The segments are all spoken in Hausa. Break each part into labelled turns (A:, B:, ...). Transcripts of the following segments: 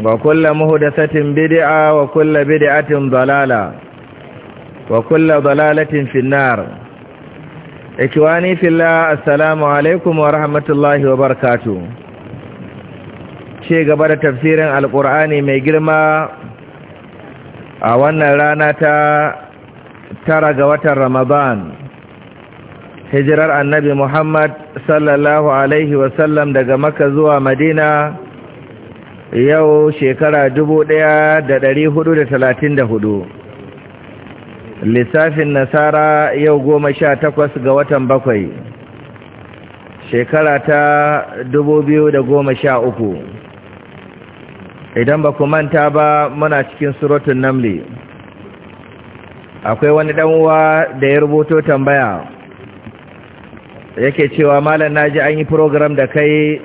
A: wa kulle muhudasatin bid'a wa kulle dalala wa dalalatin finnar ikiwani filla assalamu alaikum wa rahmatullahi wa barakatu ce gaba da tafsirin Alƙur'ani mai girma a wannan rana ta tara ga watan ramadan Hijrar annabi muhammad sallallahu alaihi wasallam daga maka zuwa madina yau shekara dubu ɗaya da da talatin da hudu, lissafin nasara yau goma sha takwas ga watan bakwai shekara ta dubu biyu da goma sha uku, idan ba ku manta ba muna cikin surutun namli akwai wani ɗan'uwa da ya rubuto tambaya yake cewa malam naji an yi program da kai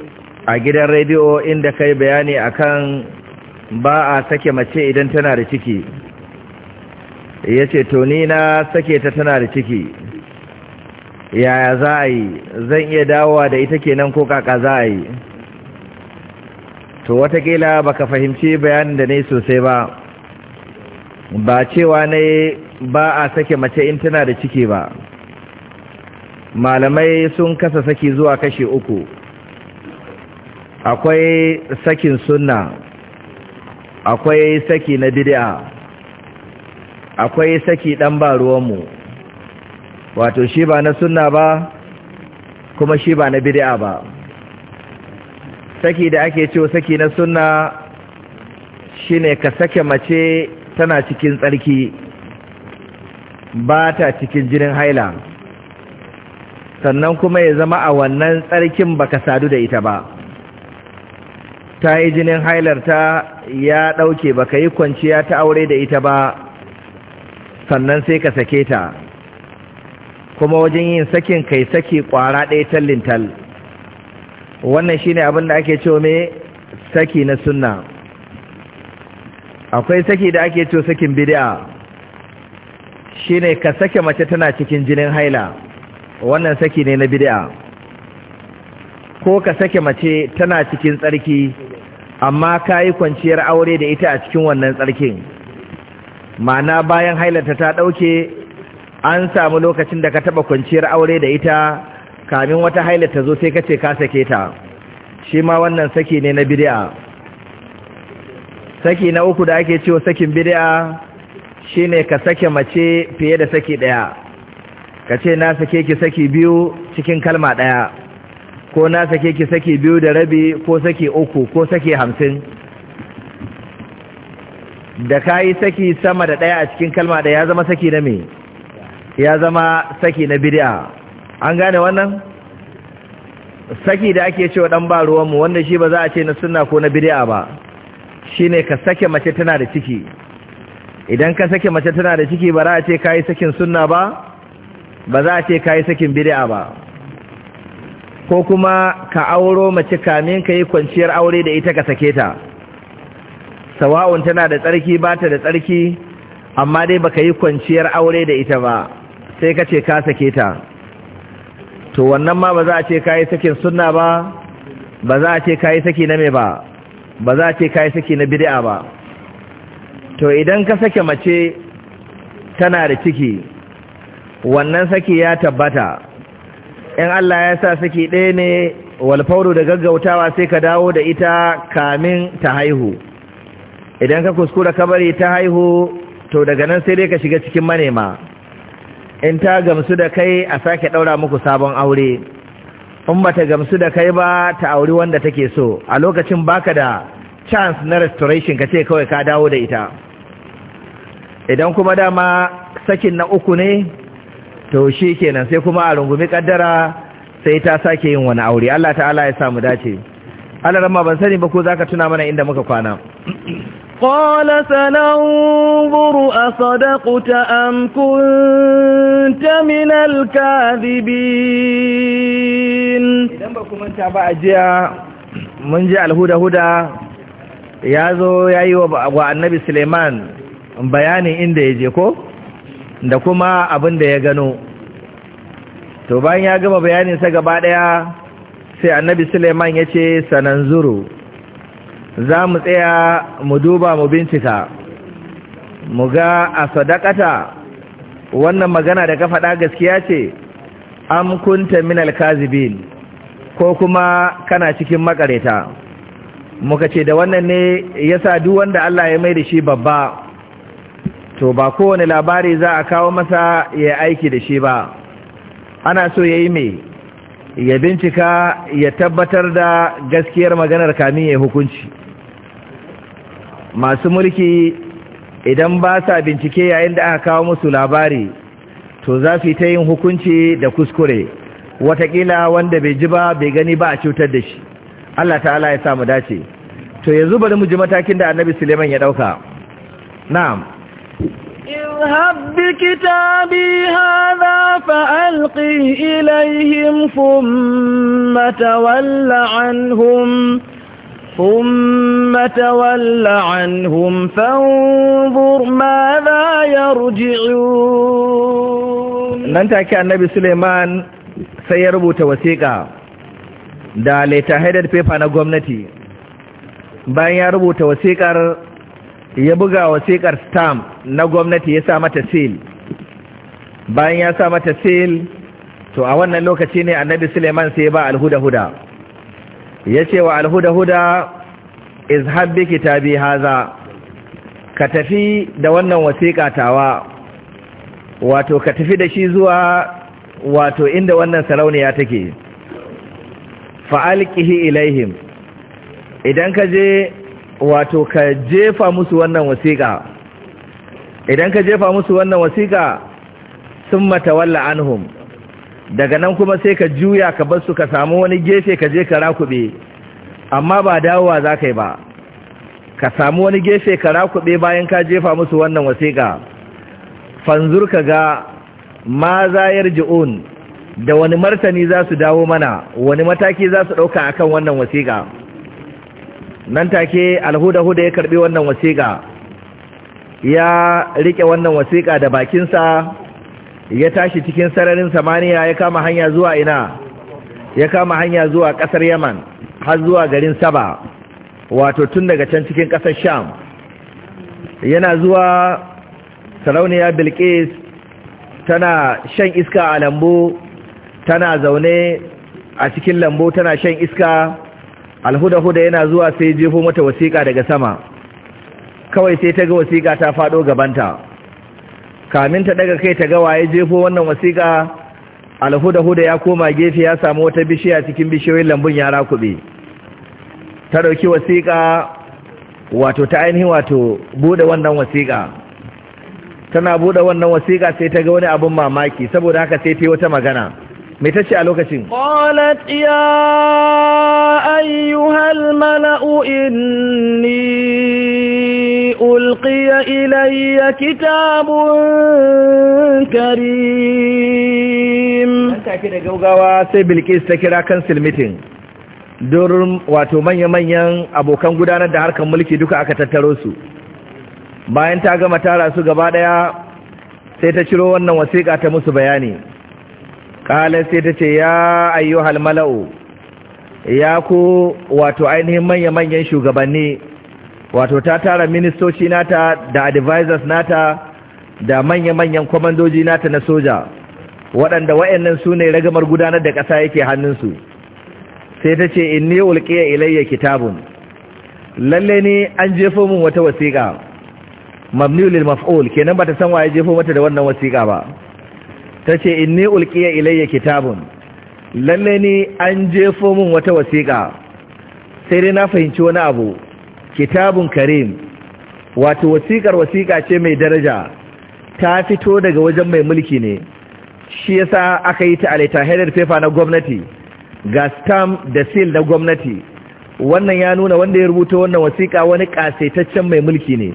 A: a gidan rediyo inda kai bayani akan ba a sake mace idan tana da ciki ya ce to ni na sake ta tana da ciki yaya za a yi zan iya dawowa da ita kenan ko kaka za a yi to watakila ka fahimci bayanin da ne sosai ba ba cewa ne ba a sake mace in tana da ciki ba malamai sun kasa saki zuwa kashi uku akwai sakin sunna akwai saki na bid'a akwai saki dan ba ruwanmu wato shi ba na sunna ba kuma shi ba na bid'a ba saki da ake cewa saki na sunna shine ka sake mace tana cikin tsarki ba ta cikin jinin haila sannan kuma ya zama a wannan tsarkin baka sadu da ita ba ta yi jinin hailarta ya ɗauke ba ka yi kwanciya ta aure da ita ba sannan sai ka sake ta kuma wajen yin sakin kai saki ƙwara ɗaya tallintal wannan shi abin da ake ce me saki na sunna akwai saki da ake ce sakin Shi ne ka sake mace tana cikin jinin haila wannan saki ne na bid'a ko ka sake mace tana cikin tsarki amma ka yi kwanciyar aure da ita a cikin wannan tsarkin ma'ana bayan hailata ta ɗauke an samu lokacin da ka taɓa kwanciyar aure da ita kamin wata hailata zo sai ka ce ka sake ta shi ma wannan saki ne na bidi'a saki na uku da ake cewa sakin bidi'a ne ka sake mace fiye da saki ɗaya ka ce na sake ki saki biyu cikin kalma ɗaya ko na sake ki sake biyu da rabi ko sake uku ko sake hamsin da ka yi saki sama da ɗaya a cikin kalma da ya zama saki na me ya zama saki na bidi'a. an gane wannan saki da ake cewa ɗan ba ruwanmu wanda shi ba za a ce na sunna ko na bidi'a ba shi ne ka sake mace tana da ciki idan ka sake mace tana da ciki ba za a ce ka yi sakin sunna ba ba za a ce ka yi sakin bidi'a ba ko kuma ka auro mace kamin ka yi kwanciyar aure da ita ka sake ta sawa'un tana da tsarki ba ta da tsarki amma dai baka yi kwanciyar aure da ita ba sai ka ce ka sake ta to wannan ma ba za a ce ka yi sakin sunna ba ba za a ce ka yi saki na mai ba ba za a ce ka yi saki na bid'a ba to idan ka sake mace tana da ciki wannan saki ya tabbata in Allah ya sa suke ɗaya ne walfauru da gaggautawa sai ka dawo da ita kamin ta haihu idan ka kuskura kabari ta haihu to daga nan sai dai ka shiga cikin manema in ta gamsu da kai a sake ɗaura muku sabon aure in ba ta gamsu da kai ba ta auri wanda take so a lokacin baka da chance na restoration ka ce kawai ka dawo da ita idan kuma dama sakin na uku ne to shi kenan sai kuma a rungumi kaddara sai ta sake yin wani aure Allah ta'ala ya samu dace Allah ramma ban sani ba ko zaka tuna mana inda muka kwana
B: qala سننظر asadaqta am kunta min الكاذبين idan
A: ba kuma ta ba ajiya mun ji alhuda-huda ya zo wa annabi suleiman bayanin inda ya je ko da kuma abin da ya gano to bayan ya gama bayaninsa gaba ɗaya sai annabi suleiman ya ce sanan zuru za mu tsaya mu duba mu bincika mu ga a sadakata wannan magana da ka faɗa gaskiya ce am kunta min alkazibin ko kuma kana cikin makareta muka ce da wannan ne yasa duk wanda Allah ya mai da shi babba to ba kowane labari za a kawo masa ya aiki da shi ba ana so ya yi mai ya bincika ya tabbatar da gaskiyar maganar kamin ya hukunci masu mulki idan ba sa bincike yayin da aka kawo musu labari to za su ta yin hukunci da kuskure watakila wanda bai ji ba bai gani ba a cutar da shi Allah ta'ala ya samu dace to yanzu bari mu ji matakin da annabi suleiman ya ɗauka na'am
B: اذهب بكتابي هذا فألقه إليهم ثم تول عنهم ثم تول
A: عنهم فانظر ماذا يرجعون أنت كان النبي سليمان سيربو توسيقا دالي تهدد بيبانا قومنتي بان يربو توسيقا ya buga wasiƙar stamp na gwamnati ya sa mata seal bayan ya sa mata seal to a wannan lokaci ne annabi suleiman sai ba alhuda-huda ya ce wa alhuda-huda habbi kitabi haza ka tafi da wannan wasiƙa tawa wato ka tafi da shi zuwa wato inda wannan sarauniya take fa'alƙihi ilaihim idan ka je wato ka jefa musu wannan wasiƙa idan ka jefa musu wannan wasiƙa sun matawalla anhum daga nan kuma sai ka juya ka bar su ka samu wani gefe ka je ka rakube amma ba dawowa za ka yi ba ka samu wani gefe ka rakube bayan ka jefa musu wannan wasiƙa fanzur ka ga ma zayar ji'un da wani martani za su dawo mana wani mataki za su ɗauka akan wannan wasiƙa nan take alhuda-huda ya karbi wannan wasiƙa ya rike wannan wasiƙa da bakinsa ya tashi cikin sararin samaniya ya kama hanya zuwa ina ya kama hanya zuwa ƙasar yaman har zuwa garin saba wato tun daga can cikin ƙasar sham yana zuwa sarauniya bilkis tana shan iska a lambu tana zaune a cikin lambu tana shan iska alhuda-huda yana zuwa sai jefo mata wasiƙa daga sama kawai sai ta ga wasiƙa ta faɗo gabanta kamin ta daga kai ta ga waye jefo wannan wasiƙa alhuda-huda ya koma gefe ya samu wata bishiya cikin bishiyoyin lambun yara kuɓe ta ɗauki wasiƙa wato ta ainihin wato buɗe wannan wasiƙa tana buɗe wannan wasiƙa sai ta ga wani abin mamaki saboda haka sai ta yi wata magana mai tashi a lokacin
B: qalat ya ayyuhal mala'u inni ulqiya ilayya kitabun karim an take da
A: gaugawa sai bilqis ta kira kan meeting durin wato manya-manyan abokan gudanar da harkar mulki duka aka tattaro su bayan ta gama tara su gaba daya sai ta ciro wannan wasiƙa ta musu bayani ƙalar sai ta ce ya ayyo halmala'u ya ku wato ainihin manya-manyan shugabanni wato ta tara ministoci nata da advisors nata da manya-manyan kwamandoji nata na soja waɗanda wa'annan su ne ragamar gudanar da ƙasa yake hannunsu sai ta ce in ne ulƙiya ilayya kitabun lalle ne an jefo min wata wasiƙa mamniulil maf'ul kenan ba ta san waye jefo mata da wannan wasiƙa ba Ta ce in ni ulkiya ilayya kitabun lalle ni an jefo min wata wasiƙa sai dai na fahimci wani abu kitabun karim wato wasiƙar wasiƙa ce mai daraja ta fito daga wajen mai mulki ne shi yasa aka yi ta alaita headed paper na gwamnati ga stamp da seal na gwamnati wannan ya nuna wanda ya rubuta wannan wasiƙa wani ƙasaitaccen mai mulki ne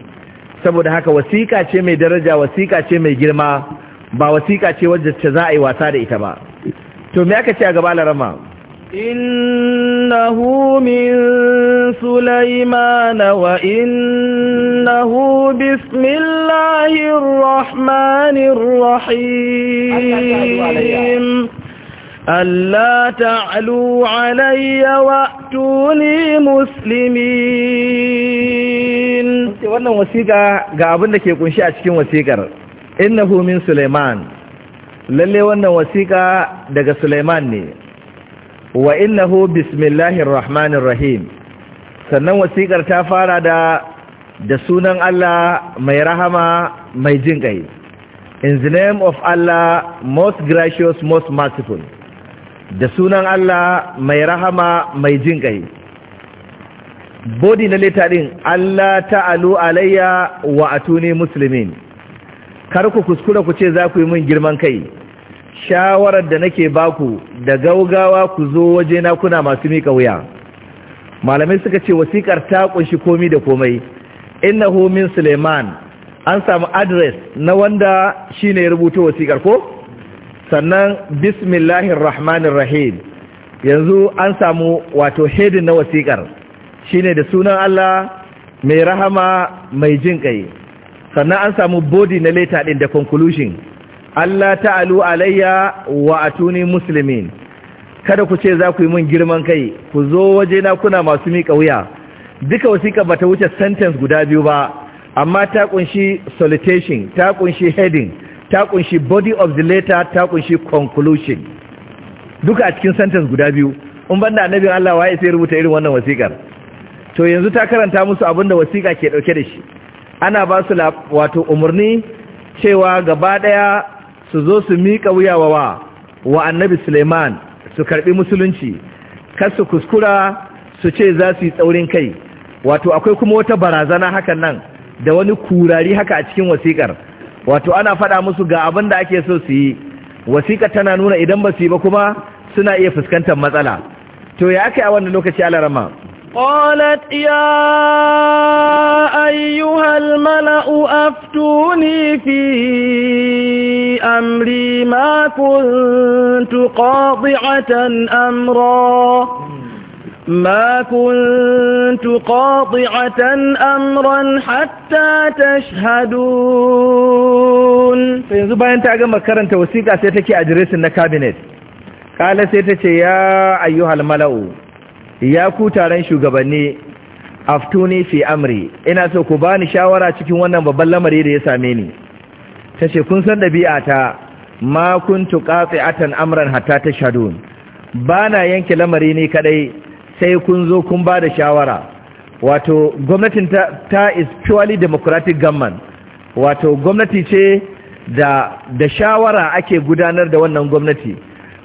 A: saboda haka wasiƙa ce mai daraja wasiƙa ce mai girma ba wasiƙa ce wadda za a yi wasa da ita ba to me aka ce a gaba larama
B: innahu min sulaimana wa innahu bismillahir rahmanir rahim ألا alayya wa tuni مسلمين
A: wannan wasiƙa ga abin da ke kunshi a cikin wasiƙar innahu min Suleiman, lalle wannan wasiƙa daga Sulaiman ne wa innahu bismillahir rahmanir rahim sannan wasiƙar ta fara da da sunan Allah mai rahama mai jin ƙai in the name of Allah most gracious most merciful da sunan Allah mai rahama mai jin ƙai bodi na leta ɗin Allah ta'alu alayya wa atuni muslimin kar ku kuskura ku ce za ku yi min girman kai shawarar da nake baku da gaugawa ku zo waje na kuna masu mika wuya malamai suka ce wasikar ta ƙunshi komai da komai innahu min suleiman an samu adres na wanda shine ya rubuta wasikar ko sannan bismillahir rahmanir rahim yanzu an samu wato hedin na wasikar shine da sunan Allah mai rahama mai jin kai sannan an samu bodi na leta din da conclusion Allah ta'alu alayya wa atuni muslimin kada ku ce za ku yi min girman kai ku zo waje na kuna masu miƙa wuya duka wasiƙa bata wuce sentence guda biyu ba amma ta kunshi salutation ta kunshi heading ta kunshi body of the letter ta kunshi conclusion duka a cikin sentence guda biyu in banda annabin Allah waye sai rubuta irin wannan wasiƙar to yanzu ta karanta musu abinda wasiƙa ke dauke da shi ana ba su wato umarni cewa gaba ɗaya su zo su miƙa wuya wa wa annabi suleiman su karɓi musulunci kar su kuskura su ce za su yi tsaurin kai wato akwai kuma wata barazana hakan nan da wani kurari haka a cikin wasikar, wato ana faɗa musu ga abin da ake so su yi wasiƙar tana nuna idan ba su yi ba kuma suna iya fuskantar matsala to ya aka yi a wannan lokaci alarama
B: قالت يا
A: أيها الملأ
B: أفتوني في أمري ما كنت قاطعة أمرا ما كنت قاطعة أمرا
A: حتى تشهدون في زبان تاقا مكرن توسيقا سيتكي أدريس النكابينت قال سيتكي يا أيها الملأ ya ku taron shugabanni aftuni fi amri ina so ku bani shawara cikin wannan babban lamari da ya same ni tace kun san dabi'a ta ma kuntu qati'atan amran hatta tashhadun bana yanke lamari ne kaɗai sai kun zo kun ba da shawara wato gwamnatin ta, ta is purely democratic government wato gwamnati ce da da shawara ake gudanar da wannan gwamnati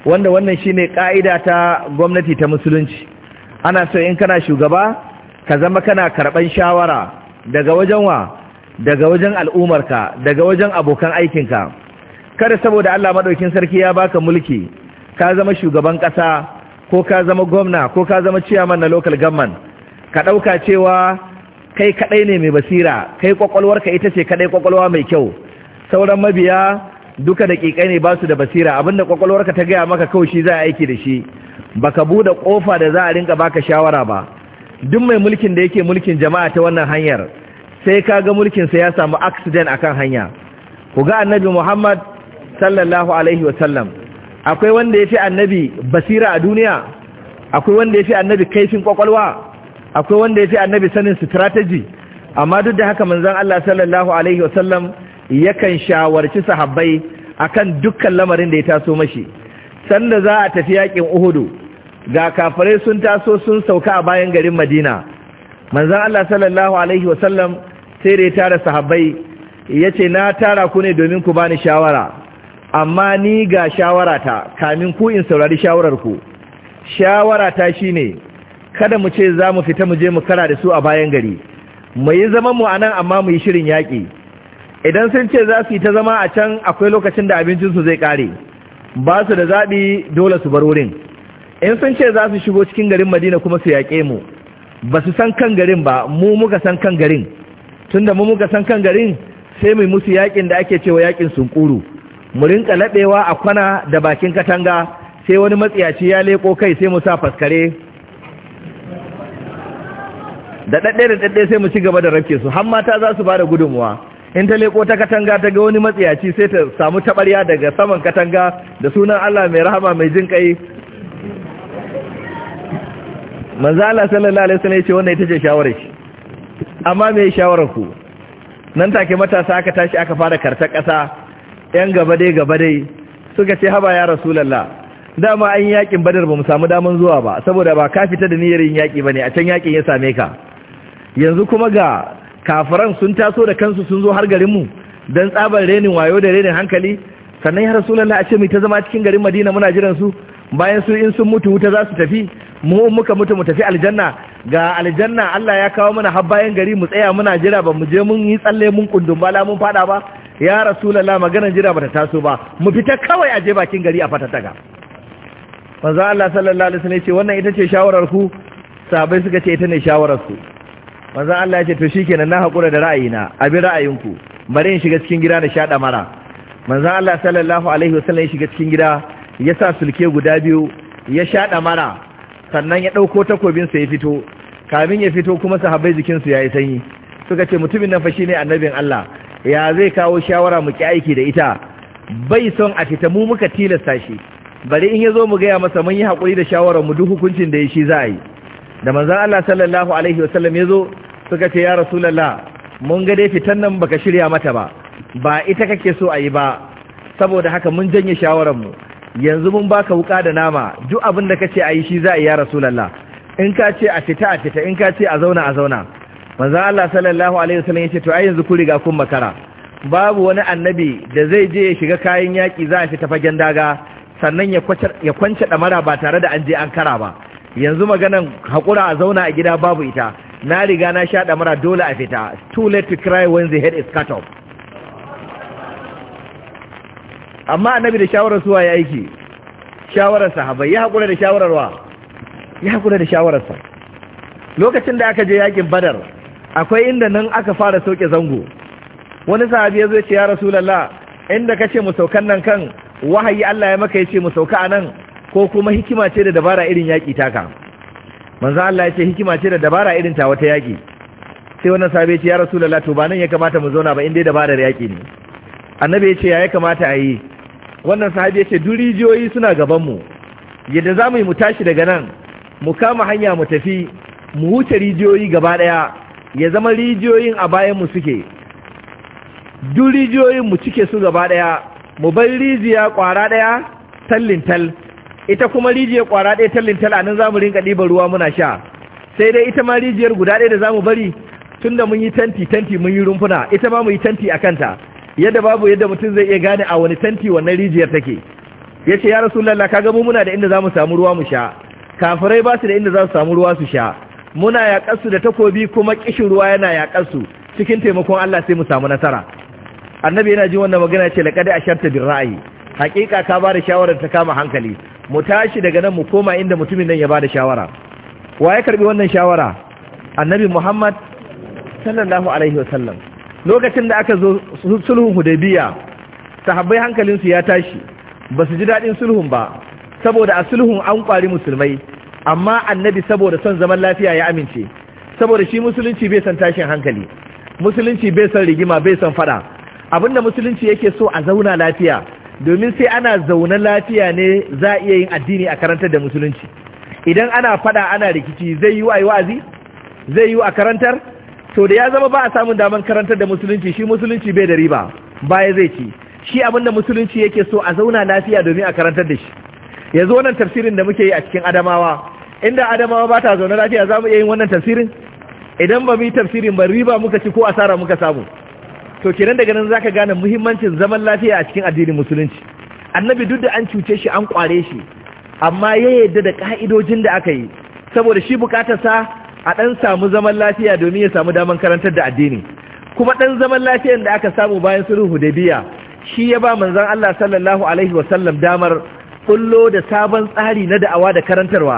A: wanda wannan shine ka'ida ta gwamnati ta musulunci ana so in kana shugaba ka zama kana karɓan shawara daga wajen wa daga wajen al'umarka daga wajen abokan aikinka kada saboda Allah maɗaukin sarki ya baka mulki ka zama shugaban ƙasa ko ka zama gwamna ko ka zama ciyaman na local government ka ɗauka cewa kai kaɗai ne mai basira kai ƙwaƙwalwarka ita ce kaɗai ƙwaƙwalwa mai kyau sauran mabiya duka da ne basu da basira abinda ƙwaƙwalwarka ta gaya maka kawai shi za aiki da shi baka buɗe ƙofa da za a rinka baka shawara ba duk mai mulkin da yake mulkin jama'a ta wannan hanyar sai kaga mulkin sa ya samu accident akan hanya ku ga annabi Muhammad sallallahu alaihi wa sallam akwai wanda yafi annabi basira a duniya akwai wanda yafi annabi kaifin kwakwalwa akwai wanda yafi annabi sanin strategy amma duk da haka manzon Allah sallallahu alaihi wa sallam yakan shawarci sahabbai akan dukkan lamarin da ya taso mashi sanda za a tafi yakin uhudu ga kafirai sun taso sun sauka a bayan garin madina manzan allah sallallahu alaihi wasallam sai da ya tara sahabbai ya ce na tara ku ne domin ku bani shawara amma ni ga shawarata kamin ku in saurari shawarar ku shawararku shawarata ne. kada mu ce za mu fita mu je mu kara da su a bayan gari mu yi zaman mu anan amma mu yi shirin yaƙi idan sun ce za su yi ta zama a can akwai lokacin da abincinsu zai ƙare ba su da zaɓi dole su bar wurin in sun ce za su shigo cikin garin madina kuma su yaƙe mu ba su san kan garin ba mu muka san kan garin tunda mu muka san kan garin sai mu musu yaƙin da ake cewa yaƙin sunkuru mu rinka laɓewa a kwana da bakin katanga sai wani matsiyaci ya leƙo kai sai mu sa faskare da ɗaɗɗe da ɗaɗɗe sai mu ci gaba da rafke su har mata za su ba da gudunmuwa in ta leko ta katanga ta ga wani matsiyaci sai ta samu tabarya daga saman katanga da sunan Allah mai rahama mai jin kai manzo Allah sallallahu alaihi wasallam ce wannan ita ce shawarar shi amma me shawarar ku nan take matasa aka tashi aka fara karta kasa yan gaba dai gaba dai suka ce haba ya rasulullah dama an yakin badar ba mu samu daman zuwa ba saboda ba ka fita da niyyar yin yaki bane a can yakin ya same ka yanzu kuma ga kafiran sun taso da kansu sun zo har garinmu don tsaban renin wayo da renin hankali sannan ya rasulallah a ce mai ta zama cikin garin madina muna jiran su bayan su in sun mutu wuta za su tafi mu muka mutu mu tafi aljanna ga aljanna Allah ya kawo mana har bayan gari mu tsaya muna jira ba mu je mun yi tsalle mun kundun bala mun fada ba ya rasulallah maganar jira bata taso ba mu fita kawai a je bakin gari a daga. manzo Allah sallallahu alaihi wasallam ya ce wannan ita ce shawarar ku sahabbai suka ce ita ne shawarar su manzo Allah ya ce to shikenan na hakura da ra'ayina abin ra'ayinku bari in shiga cikin gida na sha mara manzo Allah sallallahu alaihi wasallam ya shiga cikin gida ya sa sulke guda biyu ya sha mara sannan ya ɗauko takobin sa ya fito kamin ya fito kuma sahabbai jikin su yayi sanyi suka ce mutumin nan fa shine annabin Allah ya zai kawo shawara mu ki aiki da ita bai son a fita mu muka tilasta shi bari in ya zo mu gaya ya masa mun yi hakuri da shawara mu duk hukuncin da ya shi za a yi da manzan Allah sallallahu alaihi wasallam ya zo suka ce ya rasulallah mun ga dai fitan nan baka shirya mata ba ba ita kake so a yi ba saboda haka mun janye shawararmu yanzu mun baka wuka da nama duk abin da kace a yi shi za a yi ya rasulallah in ka ce a fita a fita in ka ce a zauna a zauna manzan Allah sallallahu alaihi wasallam ya ce to ai yanzu ku riga kun makara babu wani annabi da zai je ya shiga kayan yaki za a fita fagen daga sannan ya kwance ɗamara ba tare da an je an kara ba yanzu maganan haƙura a zauna a gida babu ita na riga na sha mara dole a fita too late to cry when the head is cut off amma annabi da shawarar suwa ya aiki shawarar sahabai ya haƙura da shawararwa, ya haƙura da shawararsa lokacin da aka je yakin badar akwai inda nan aka fara soke zango wani sahabi ya zo ce ya rasulallah inda ka ce mu saukan nan kan wahayi Allah ya maka ya ce mu sauka a nan ko kuma hikima ce da dabara irin yaƙi taka manzo Allah ya ce hikima ce da dabara irin ta wata yaƙi sai wannan sahabi ya ce ya rasulullahi to ba nan ya kamata mu zauna ba in dai dabarar yaƙi ne annabi ya ce ya kamata a yi wannan sahabi ya ce durijiyoyi suna gaban mu yadda za mu yi mu tashi daga nan mu kama hanya mu tafi mu huce rijiyoyi gaba ɗaya ya zama rijiyoyin a bayan mu suke duk rijiyoyin mu cike su gaba ɗaya mu bar rijiya ƙwara ɗaya tallin tal ita kuma rijiyar kwara ɗaya tallin tala nan za mu rinka ɗiban ruwa muna sha sai dai ita ma rijiyar guda ɗaya da za mu bari tunda mun yi tanti tanti mun yi rumfuna ita ma mu yi tanti a kanta yadda babu yadda mutum zai iya gane a wani tanti wannan rijiyar take ya ce ya rasu lalla kaga mu muna da inda za mu samu ruwa mu sha kafirai ba su da inda za su samu ruwa su sha muna su da takobi kuma ƙishin ruwa yana su cikin taimakon Allah sai mu samu nasara annabi yana ji wannan magana ce laƙadai a sharta bin ra'ayi hakika ka ba da shawarar ta kama hankali mu tashi daga nan mu koma inda mutumin nan ya ba da shawara wa ya karbi wannan shawara annabi muhammad sallallahu alaihi wasallam lokacin da aka zo sulhun hudaybiya sahabbai hankalinsu ya tashi ba su ji daɗin sulhun ba saboda a sulhun an kwari musulmai amma annabi saboda son zaman lafiya ya amince saboda shi musulunci bai son tashin hankali musulunci bai son rigima bai son fada abinda musulunci yake so a zauna lafiya domin sai ana zaune lafiya ne za a iya yin addini a karantar da musulunci idan ana fada ana rikici zai yi wa wa'azi zai yi a karantar to da ya zama ba a samun daman karantar da musulunci shi musulunci bai da riba baya zai ci shi abin da musulunci yake so a zauna lafiya domin a karantar da shi yanzu wannan tafsirin da muke yi a cikin adamawa inda adamawa ba ta zaune lafiya za mu iya yin wannan tafsirin idan ba mu yi tafsirin ba riba muka ci ko asara muka samu to kenan daga nan zaka gane muhimmancin zaman lafiya a cikin addinin musulunci annabi duk da an cuce shi an kware shi amma ya yadda da ka'idojin da aka yi saboda shi sa a dan samu zaman lafiya domin ya samu daman karantar da addini kuma dan zaman lafiyar da aka samu bayan sulhu hudaybiya shi ya ba manzon Allah sallallahu alaihi wasallam damar kullo da sabon tsari na da'awa da karantarwa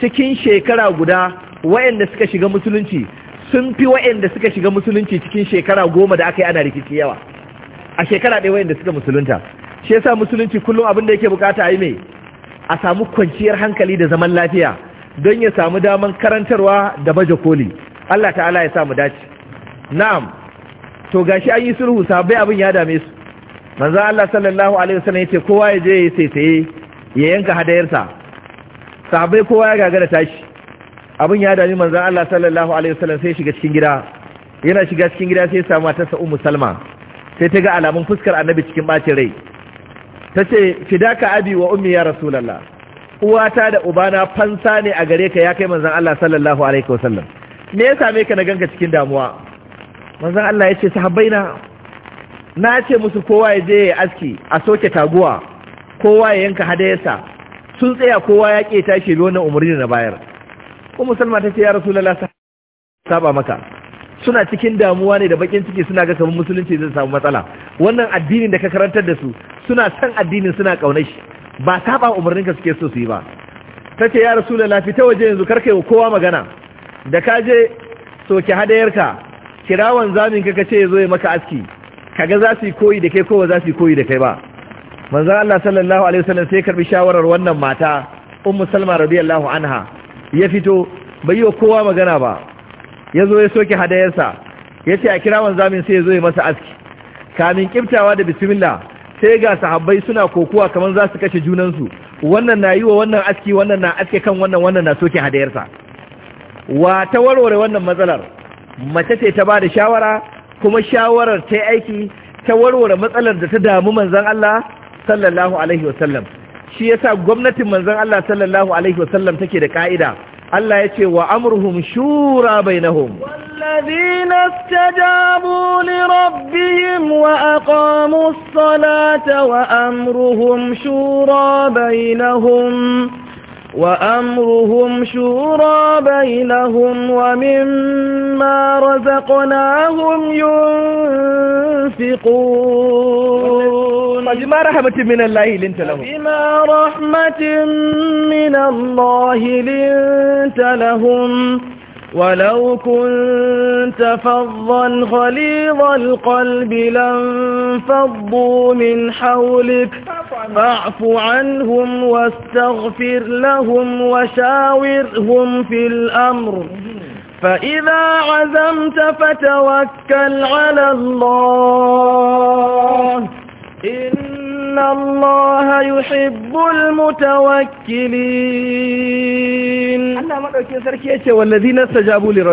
A: cikin shekara guda wayanda suka shiga musulunci sun fi wa'anda suka shiga musulunci cikin shekara goma da aka yi ana rikici yawa a shekara ɗaya wa'anda suka musulunta shi yasa musulunci kullum abin da yake bukata a yi mai a samu kwanciyar hankali da zaman lafiya don ya samu daman karantarwa da baje koli Allah ta'ala ya sa mu dace na'am to gashi an yi sulhu sabai abin ya dame su manzo Allah sallallahu alaihi wasallam yace kowa ya je ya saisaye ya yanka hadayarsa sabai kowa ya gagara tashi abin ya dami manzan Allah sallallahu alaihi wasallam sai shiga cikin gida yana shiga cikin gida sai samu matarsa ummu salma sai ta ga alamun fuskar annabi cikin ɓacin rai ta ce fidaka abi wa ummi ya rasulallah uwata da ubana fansa ne a gare ka ya kai manzan Allah sallallahu alaihi wasallam me ya same ka na ganka cikin damuwa manzan Allah ya ce sahabbaina na ce musu kowa ya je ya aski a soke taguwa kowa ya yanka hadayarsa sun tsaya kowa ya ke tashi ruwan umarni na bayar ummu salma ta ce ya rasulullah saba maka suna cikin damuwa ne da bakin ciki suna ga kamar musulunci zai samu matsala wannan addinin da ka karantar da su suna san addinin suna kaunar shi ba saba umarnin ka suke so su yi ba Ta ce ya rasulullah fita waje yanzu karkai wa kowa magana da ka je soke hadayarka kira wanzamin ka kace zo ya maka aski kaga za su yi koyi da kai ko ba za su yi koyi da kai ba manzon Allah sallallahu alaihi wasallam sai karbi shawarar wannan mata ummu salma radiyallahu anha ya fito bai yi wa kowa magana ba ya zo ya soke hadayarsa ya ce a kira wanzamin sai ya zo ya masa aski kamin kiftawa da bismillah sai ga sahabbai suna kokuwa kamar za su kashe junansu wannan na yi wa wannan aski wannan na aske kan wannan wannan na soke hadayarsa wa ta warware wannan matsalar mace ce ta ba da shawara kuma shawarar ta aiki ta warware matsalar da ta damu manzan Allah sallallahu alaihi wasallam shi yasa gwamnatin manzon Allah sallallahu alaihi wasallam take da ka'ida Allah ya ce wa amruhum shura bainahum
B: wallazina istajabu li rabbihim wa aqamus salata wa amruhum shura bainahum وأمرهم شورى بينهم ومما رزقناهم ينفقون فبما رحمة من الله لنت لهم بما رحمة من الله لنت لهم ولو كنت فظا غليظ القلب لانفضوا من حولك فاعف عنهم واستغفر لهم وشاورهم في الأمر فإذا عزمت فتوكل على الله إن إن الله
A: يحب المتوكلين الله ما دوكين sarki yace wallazina stajabu li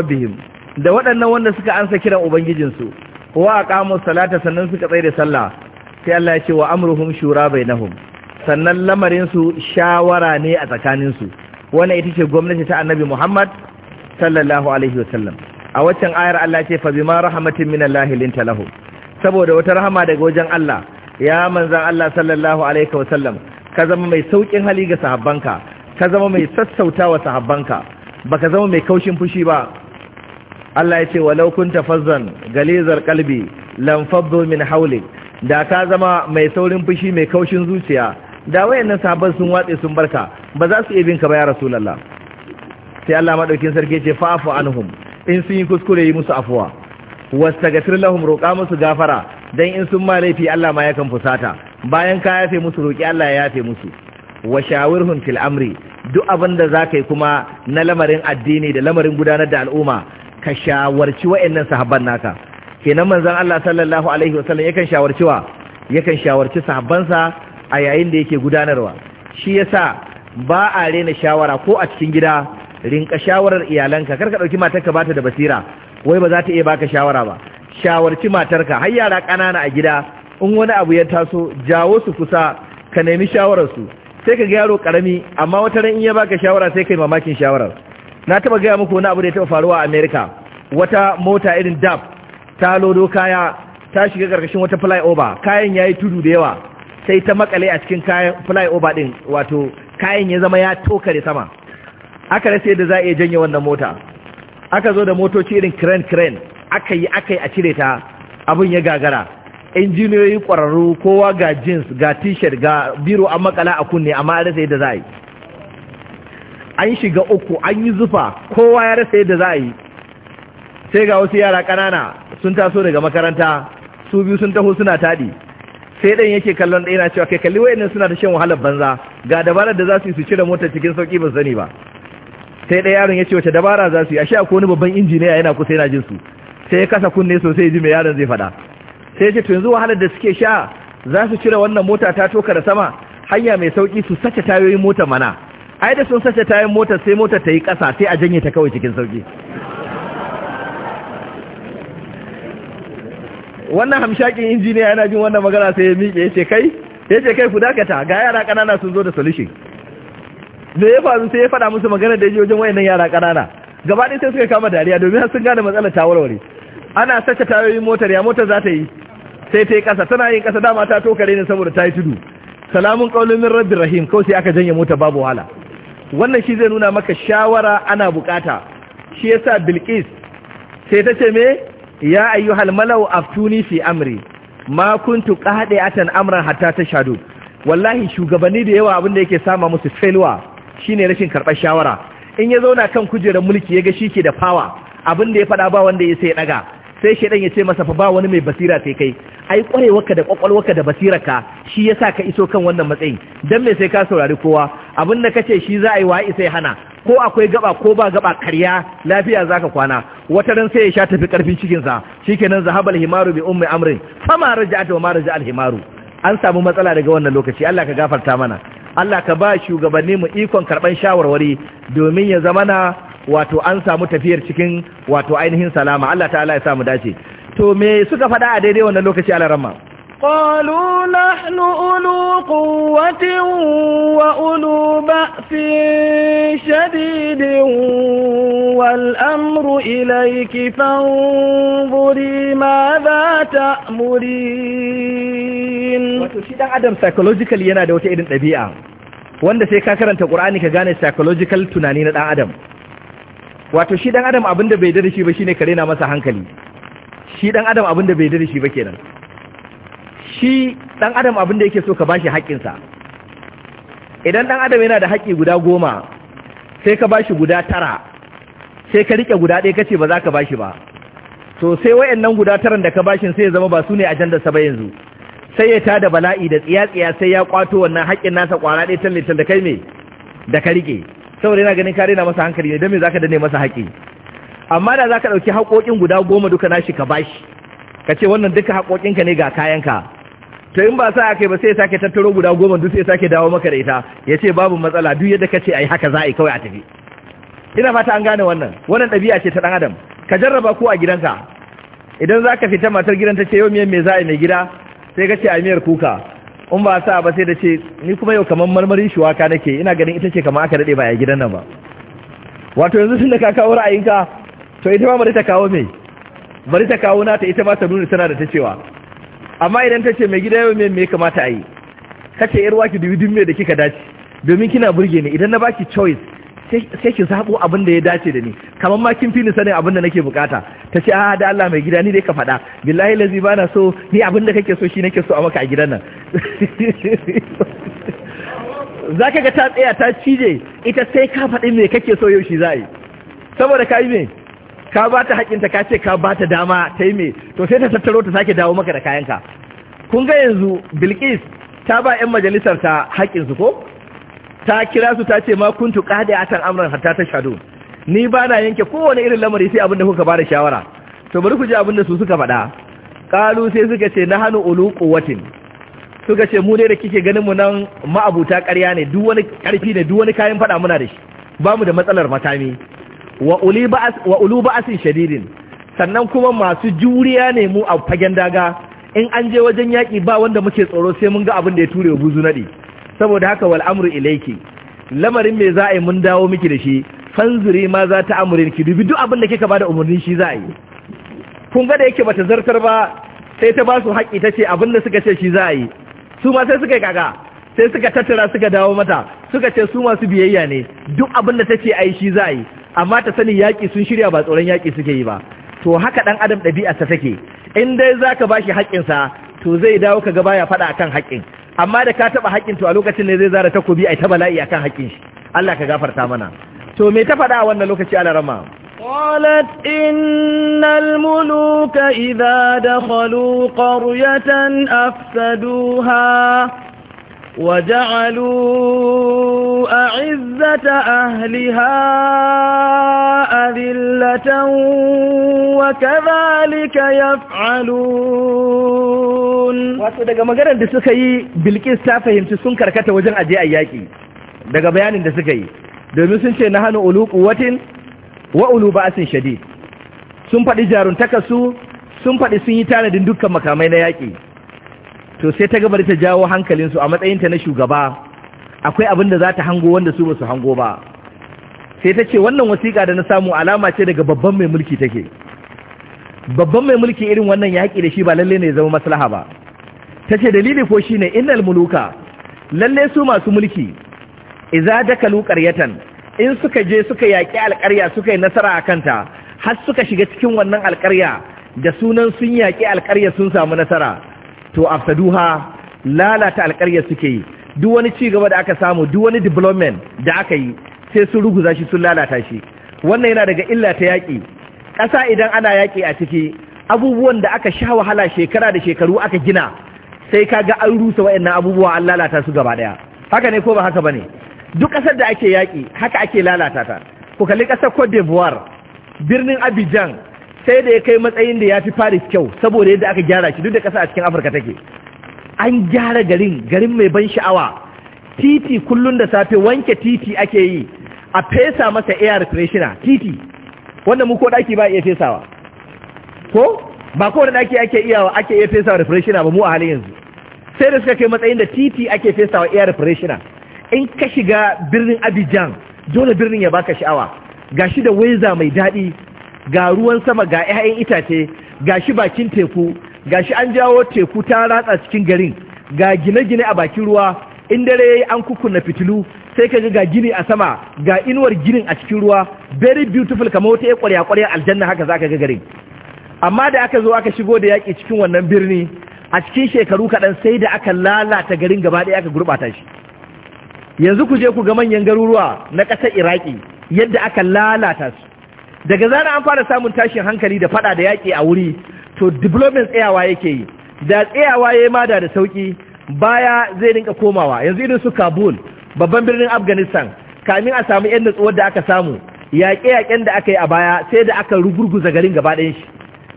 A: da waɗannan wanda suka ansa kiran ubangijinsu wa aqamu salata sannan suka tsaye da sallah sai Allah ya ce wa amruhum shura bainahum sannan lamarin su shawara ne a tsakanin su wannan ita ce gwamnati ta Annabi Muhammad sallallahu alaihi wasallam a waccan ayar Allah ya ce fa bima rahmatin minallahi linta saboda wata rahama daga wajen Allah ya manzan Allah sallallahu alaihi wasallam ka zama mai saukin hali ga sahabbanka ka zama mai sassautawa sahabbanka baka zama mai kaushin fushi ba Allah ya ce walau kunta fazzan galizar kalbi lam faddu min hawlik da ka zama mai saurin fushi mai kaushin zuciya da wayannan sahabban sun watse sun barka ba za su iya bin ka ba ya rasulullah sai Allah madaukin sarki ce fa'fu anhum in sun yi kuskure yi musu afwa wastagfir lahum roƙa musu gafara dan in sun ma laifi Allah ma yakan fusata bayan ka yafe musu roki Allah ya yafe musu wa shawirhum fil amri duk abinda da zaka yi kuma na lamarin addini da lamarin gudanar da al'umma ka shawarci wa'annan sahabban naka kenan manzon Allah sallallahu alaihi wasallam yakan shawarci wa yakan shawarci sahabbansa a yayin da yake gudanarwa shi yasa ba a rena shawara ko a cikin gida rinka shawarar iyalanka kar karka dauki matarka bata da basira wai ba za ta iya baka shawara ba shawarci matarka har yara ƙanana a gida in wani abu ya taso jawo su kusa ka nemi shawararsu sai ka ga yaro ƙarami amma wata ran in ya baka shawara sai ka yi mamakin shawarar na taba gaya muku wani abu da ya taɓa faruwa a america wata mota irin dab ta lodo kaya ta shiga ƙarƙashin wata flyover kayan ya yi tudu da yawa sai ta makale a cikin kayan flyover ɗin wato kayan ya zama ya toka da sama aka rasa yadda za a iya janye wannan mota aka zo da motoci irin crane crane aka yi aka yi a cire ta abin ya gagara injiniyoyi ƙwararru kowa ga jeans ga t-shirt ga biro an makala a kunne amma an rasa yadda za a yi an shiga uku an yi zufa kowa ya rasa yadda za a yi sai ga wasu yara ƙanana sun taso daga makaranta su biyu sun taho suna taɗi sai ɗan yake kallon ɗaya na cewa kai kalli wa'annan suna ta shan wahalar banza ga dabarar da za su yi su cire motar cikin sauƙi ban sani ba sai ɗaya yaron ya ce wace dabara za su yi ashe akwai wani babban injiniya yana kusa yana jin su sai ya kasa kunne sosai ji mai yaron zai faɗa sai ce to yanzu wahalar da suke sha za su cire wannan mota ta toka da sama hanya mai sauki su sace tayoyin mota mana ai da sun sace tayoyin mota sai mota ta yi ƙasa sai a janye ta kawai cikin sauki wannan hamshakin injiniya yana jin wannan magana sai ya miƙe ya ce kai ya ce kai ku dakata ga yara ƙanana sun zo da solution Me ya faru sai ya faɗa musu magana da ya ji wajen wayannan yara ƙanana gaba ɗaya sai suka kama dariya domin sun gane matsalar ta warware ana saka tayoyin motar ya motar za ta yi sai ta yi ƙasa tana yin ƙasa dama ta tokare ne saboda ta yi tudu salamun ƙaunin rabbi rahim kawai sai aka janye mota babu wahala wannan shi zai nuna maka shawara ana bukata shi yasa bilkis sai ta ce me ya ayyuhal malau aftuni fi amri ma kuntu atan amran hatta tashhadu wallahi shugabanni da yawa abin yake sama musu failure shine rashin karɓar shawara in ya zauna kan kujerar mulki ya ga shike da fawa abin da ya faɗa ba wanda ya sai ɗaga sai shaidan ya ce masa fa ba wani mai basira sai kai ai kwarewarka da kwakwalwarka da basirarka shi yasa ka iso kan wannan matsayin dan me sai ka saurari kowa abin da kace shi za a yi wa'i sai hana ko akwai gaba ko ba gaba karya lafiya zaka kwana wata ran sai ya sha tafi karfin cikin sa shikenan zahabal himaru bi ummi amrin fama raja'at wa ma raja'al himaru an samu matsala daga wannan lokaci Allah ka gafarta mana Allah ka ba shugabanni mu ikon karban shawarwari domin ya zamana wato an samu tafiyar cikin wato ainihin salama Allah ta'ala ya samu dace to me suka faɗa a daidai wannan lokaci a larama
B: قالوا نحن أولو قوة وأولو بأس شديد والأمر إليك فانظري Wato تأمرين dan
A: adam psychological yana da wata irin ɗabi'a wanda sai ka karanta Qur'ani ka gane psychological tunani na ɗan adam wato shi dan adam abin da bai dare shi ba shine kare na masa hankali shi dan adam abin da bai dare shi ba kenan shi dan adam abin da yake so ka bashi haƙƙin sa idan dan adam yana da haƙƙi guda goma sai ka bashi guda tara sai ka rike guda ɗaya kace ba za ka bashi ba to sai wayannan guda taran da ka bashin sai ya zama ba su ne ajandar sa ba yanzu sai ya tada bala'i da tsiyatsiya sai ya kwato wannan haƙƙin nasa kwara ɗaya tallin da kai me da ka rike saboda yana ganin kare na masa hankali ne don me zaka dane masa haƙi amma da zaka dauki haƙoƙin guda goma duka nashi ka bashi ka ce wannan duka haƙoƙinka ne ga kayanka to in ba sa aka yi ba sai ya sake tattaro guda goma duk sai ya sake dawo maka da ita ya ce babu matsala duk yadda ka ce a yi haka za a yi kawai a tafi ina fata an gane wannan wannan ɗabi'a ce ta ɗan adam ka jarraba ko a gidanka idan za ka fita matar gidan ta ce yau miyan me za a yi mai gida sai ka ce a miyar kuka in ba sa ba sai da ce ni kuma yau kamar marmarin shuwaka nake ina ganin ita ce kamar aka daɗe ba a gidan nan ba wato yanzu tun da ka kawo ra'ayinka to ita ma bari ta kawo mai bari ta kawo nata ita ma ta nuna tana da ta cewa amma idan ta ce mai gida yau mai me kamata a yi kace yar waki dubi du mai da kika dace domin kina burge ni idan na baki choice sai ki zaɓo abin da ya dace da ni kamar ma kin fi ni sanin abin da nake bukata ta ce a da Allah mai gida ni dai ka faɗa billahi lazi bana so ni abin da kake so shi nake so a maka a gidan nan zaka ga ta tsaya ta cije ita sai ka faɗi mai kake so yau shi za yi saboda ka yi mai ka ba ta haƙinta ka ce ka ba ta dama ta yi mai to sai ta tattaro ta sake dawo maka da kayanka kun ga yanzu bilkis ta ba 'yan majalisar ta haƙinsu ko ta kira su ta ce ma tuƙa da a san amuran hatta ta shado ni ba na yanke kowane irin lamari sai abin da kuka ba da shawara to bari ku ji da su suka faɗa ƙalu sai suka ce na hannu ulu ƙuwatin suka ce mu ne da kike ganin mu nan ma'abuta ƙarya ne duk wani ƙarfi ne duk wani kayan faɗa muna da shi ba mu da matsalar makami wa ulu ba'asin shadidin sannan kuma masu juriya ne mu a fagen daga in an je wajen yaƙi ba wanda muke tsoro sai mun ga abin da ya ture buzu naɗi saboda haka wal amru ilaiki lamarin me za a yi mun dawo miki da shi fanzuri ma za ta amurin ki dubi duk abin da kika bada umarni shi za a yi kun ga da yake bata zartar ba sai ta ba su haƙƙi ta ce abin da suka ce shi za a yi su ma sai suka yi kaka sai suka tattara suka dawo mata suka ce su masu biyayya ne duk abin da a ai shi za a yi amma ta sani yaƙi sun shirya ba tsoron yaƙi suke yi ba to haka ɗan adam ɗabi'arsa take in dai za ka ba shi haƙƙinsa to zai dawo ka gaba ya faɗa akan haƙƙin amma da ka taɓa haƙƙin to a lokacin ne zai zara takobi a ta bala'i akan haƙƙin shi Allah ka gafarta mana to me ta faɗa a wannan lokaci alarama
B: قالت إن الملوك إذا دخلوا قرية أفسدوها وجعلوا أعزة أهلها أذلة وكذلك يفعلون
A: wato daga maganar da suka yi Bilkis ta fahimci sun karkata wajen aje ayyaki daga bayanin da suka yi domin sun ce na hana ulu wa ulu asin shadi. sun faɗi jaruntakar su sun faɗi sun yi tanadin dukkan makamai na yaƙi to sai ta gabar ta jawo hankalinsu a matsayinta na shugaba akwai abin da za ta hango wanda su basu hango ba sai ta ce wannan wasiƙa da na samu alama ce daga babban mai mulki take babban mai mulki irin wannan yaƙi da shi ba lalle ne ya zama maslaha ba ta ce dalili ko shine innal muluka lalle su masu mulki idza dakalu qaryatan in suka je suka yaƙi alƙarya suka yi nasara a kanta har suka shiga cikin wannan alƙarya da sunan sun yaƙi alƙarya sun samu nasara to afsaduha lalata alƙarya suke yi duk wani ci gaba da aka samu duk wani development da aka yi sai sun ruguza shi sun lalata shi wannan yana daga illa ta yaƙi ƙasa idan ana yaƙi a ciki abubuwan da aka sha wahala shekara da shekaru aka gina sai ka ga an rusa waɗannan abubuwa an lalata su gaba ɗaya haka ne ko ba haka ba ne duk ƙasar da ake yaƙi haka ake lalata ta ku kalli ƙasar cote d'ivoire birnin abidjan sai da ya kai matsayin da ya fi paris kyau saboda yadda aka gyara shi duk da ƙasa a cikin afirka take an gyara garin garin mai ban sha'awa titi kullum da safe wanke titi ake yi a fesa masa air freshener titi wanda mu ko daki ba iya fesawa ko ba ko da daki ake iya ake iya fesawa refreshener ba mu a halin yanzu sai da suka kai matsayin da titi ake fesawa air freshener in ka shiga birnin abidjan dole birnin ya baka sha'awa ga shi da waiza mai daɗi ga ruwan sama ga 'ya'yan itace ga shi bakin teku ga shi an jawo teku ta ratsa cikin garin ga gine-gine a bakin ruwa in dare ya yi an kukunna fitilu sai ka ga gini a sama ga inuwar ginin a cikin ruwa very beautiful kamar wata ƙwarya-ƙwarya aljanna haka za ka ga garin amma da aka zo aka shigo da yaƙi cikin wannan birni a cikin shekaru kaɗan sai da aka lalata garin gaba ɗaya aka gurɓata shi yanzu ku je ku ga manyan garuruwa na ƙasar iraki yadda aka lalata su daga zana an fara samun tashin hankali da fada da yaƙi a wuri to development tsayawa yake yi da tsayawa ya ma da da sauƙi baya zai rinka komawa yanzu irin su kabul babban birnin afghanistan kamin a samu yan natsuwar da aka samu yaƙe-yaƙen da aka yi a baya sai da aka rugurguza garin gaba ɗayan shi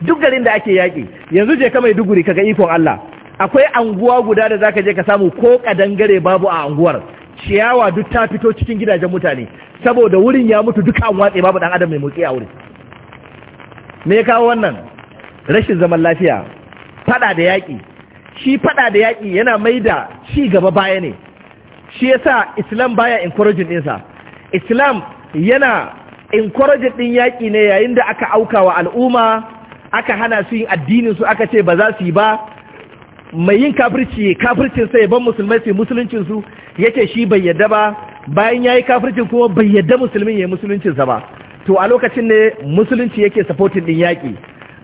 A: duk garin da ake yaƙi yanzu je ka mai duguri ga ikon Allah akwai anguwa guda da zaka je ka samu ko kadangare babu a anguwar ciyawa duk ta fito cikin gidajen mutane saboda wurin ya mutu duka an watse babu dan adam mai motsi a wurin me ya kawo wannan rashin zaman lafiya fada da yaƙi shi fada da yaki yana mai da ci gaba baya ne shi yasa islam baya encouraging dinsa. islam yana encouraging ɗin yaki ne yayin da aka auka wa al'umma aka hana su yin addinin su aka ce ba za su yi ba mai yin kafirci kafircin sai ban musulmai su musuluncin su yake shi bai yadda ba bayan ya yi kafircin kuma bai yadda musulmin ya yi musuluncinsa ba to a lokacin ne musulunci yake supporting din yaki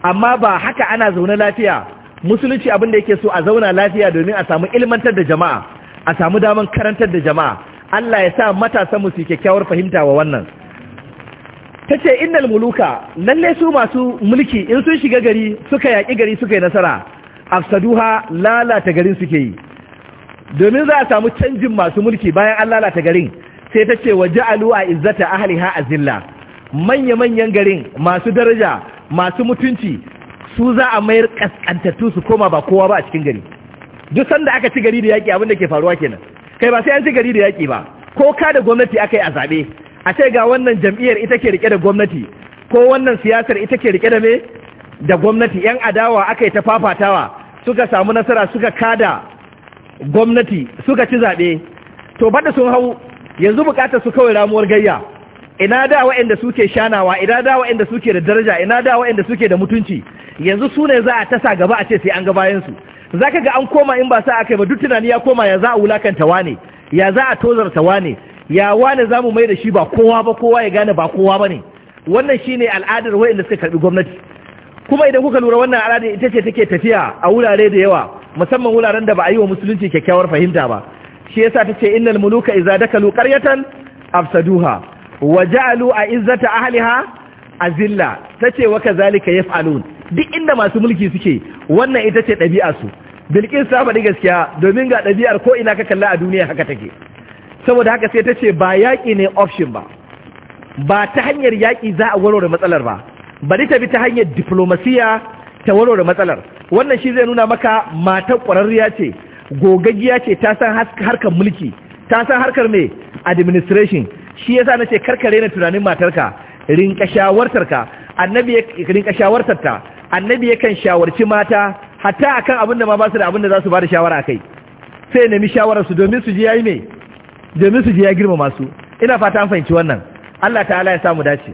A: amma ba haka ana zaune lafiya musulunci abin da yake so a zauna lafiya domin a samu ilmantar da jama'a a samu daman karantar da jama'a Allah ya sa matasan mu su kyakkyawar fahimta wa wannan tace innal muluka lalle su masu mulki in sun shiga gari suka yaki gari suka yi nasara afsaduha lalata garin suke yi domin za a samu canjin masu mulki bayan an lalata garin sai ta ce waje ja'alu a izzata ahliha azilla manya-manyan garin masu daraja masu mutunci su za a mayar kaskantattu su koma ba kowa ba a cikin gari duk sanda aka ci gari da yaƙi abin da ke faruwa kenan kai ba sai an ci gari da yaƙi ba ko ka da gwamnati aka yi a zaɓe a ce ga wannan jam'iyyar ita ke rike da gwamnati ko wannan siyasar ita ke rike da me da gwamnati yan adawa aka yi ta fafatawa suka samu nasara suka kada gwamnati suka ci zaɓe to baɗa sun hau yanzu bukatar su kawai ramuwar gayya ina da waɗanda suke shanawa ina da waɗanda suke da daraja ina da waɗanda suke da mutunci yanzu su ne za a tasa gaba a ce sai an ga bayansu za ka ga an koma in ba sa aka yi ba duk tunani ya koma ya za a wulakanta wane ya za a tozarta wane ya wane za mu mai da shi ba kowa ba kowa ya gane ba kowa ba ne wannan shi ne al'adar waɗanda suka karɓi gwamnati kuma idan kuka lura wannan al'adar ita ce take tafiya a wurare da yawa musamman wuraren da ba a yi wa musulunci kyakkyawar fahimta ba shi yasa ta ce innal muluka idza dakalu qaryatan afsaduha wa ja'alu ahali ahliha azilla tace wa kazalika yaf'alun duk inda masu mulki suke wannan ita ce ɗabi'a su bilkin ta faɗi gaskiya domin ga ɗabi'ar ko ina ka kalla a duniya haka take saboda haka sai tace ba yaki ne option ba ba ta hanyar yaƙi za a warware matsalar ba bari ta bi ta hanyar diplomasiya ta warware matsalar wannan shi zai nuna maka matar ƙwararriya ce gogaggiya ce ta san harkar mulki ta san harkar mai administration shi yasa na ce karkare na tunanin matarka rinka shawartarka annabi ya rinka shawartarta annabi yakan shawarci mata hatta akan abin da ma ba su da abin da za su ba da shawara kai sai nemi shawarar su domin su ji yayi mai domin su ji ya girma masu. ina fata an fahimci wannan Allah ta'ala ya samu dace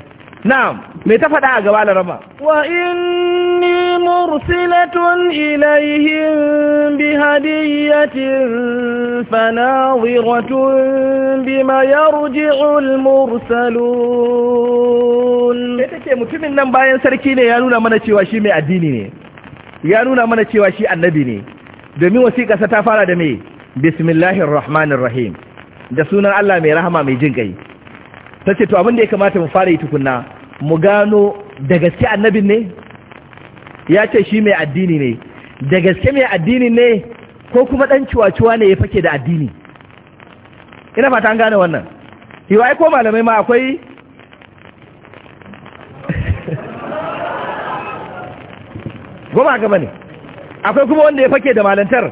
A: na'am me ta faɗa a gaba laraba
B: wa inni mursilatun ilaihim bi hadiyatin fanawiratun bima yarji'u mursalun
A: sai take mutumin nan bayan sarki ne ya nuna mana cewa shi mai addini ne ya nuna mana cewa shi annabi ne domin wasiƙarsa ta fara da mai bismillahir rahmanir rahim da sunan Allah mai rahama mai jin ta ce to abin da ya kamata mu fara yi tukunna mu gano da gaske annabin ne ya ce shi mai addini ne da gaske mai addini ne ko kuma dan ciwaciwa ne ya fake da addini ina fata an gane wannan hiwaye ko malamai ma akwai goma gaba ne akwai kuma wanda ya fake da malantar